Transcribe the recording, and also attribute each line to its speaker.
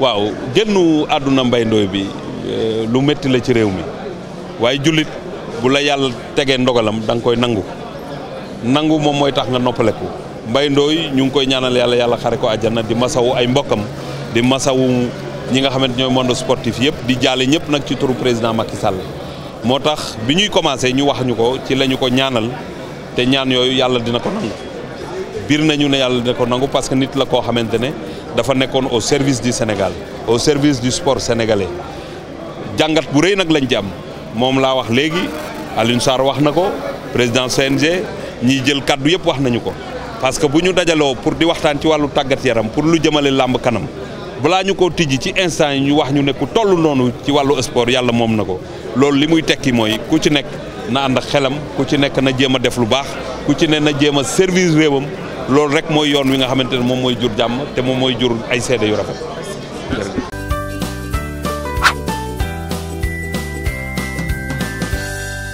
Speaker 1: waaw génnu àdduna Mbaye Ndoye bi eh, lu metti la ci réew mi waaye jullit bu la yàlla tegee ndogalam danga koy nangu nangu moom mooy tax na noppaleku Mbaye Ndoye ñu ngi koy ñaanal yàlla yàlla xare ko àjjana di ma masawu ay mbokkam di masawu ñi nga xamante ñooy monde sportif yëpp di jaale ñëpp nag ci turu président Macky Sall moo tax bi ñuy commencé ñu wax ñu ko ci la ñu ko ñaanal te ñaan yooyu yàlla dina ko nangu biir nañu ne yàlla dina ko nangu parce que nit la koo xamante ne dafa nekkoon au service du Sénégal au service du sport sénégalais jàngat bu rëy nag lañ ci am moom laa wax léegi Alioune Sarr wax na ko président CNG ñiy jël kaddu yëpp wax nañu ko parce que bu ñu dajaloo pour di waxtaan ci wàllu tàggat pour lu jëmale làmb kanam balaa ñu koo tijji ci instant yi ñu wax ñu ne ku toll noonu ci wàllu sport yàlla moom na ko loolu li muy tekki mooy ku ci nekk na ànd xelam ku ci nekk na jéem a def lu baax ku ci ne na jéem a service réewam loolu rek mooy yoon wi nga xamante ne moom mooy jur jàmm te moom mooy jur ay seede yu rafet.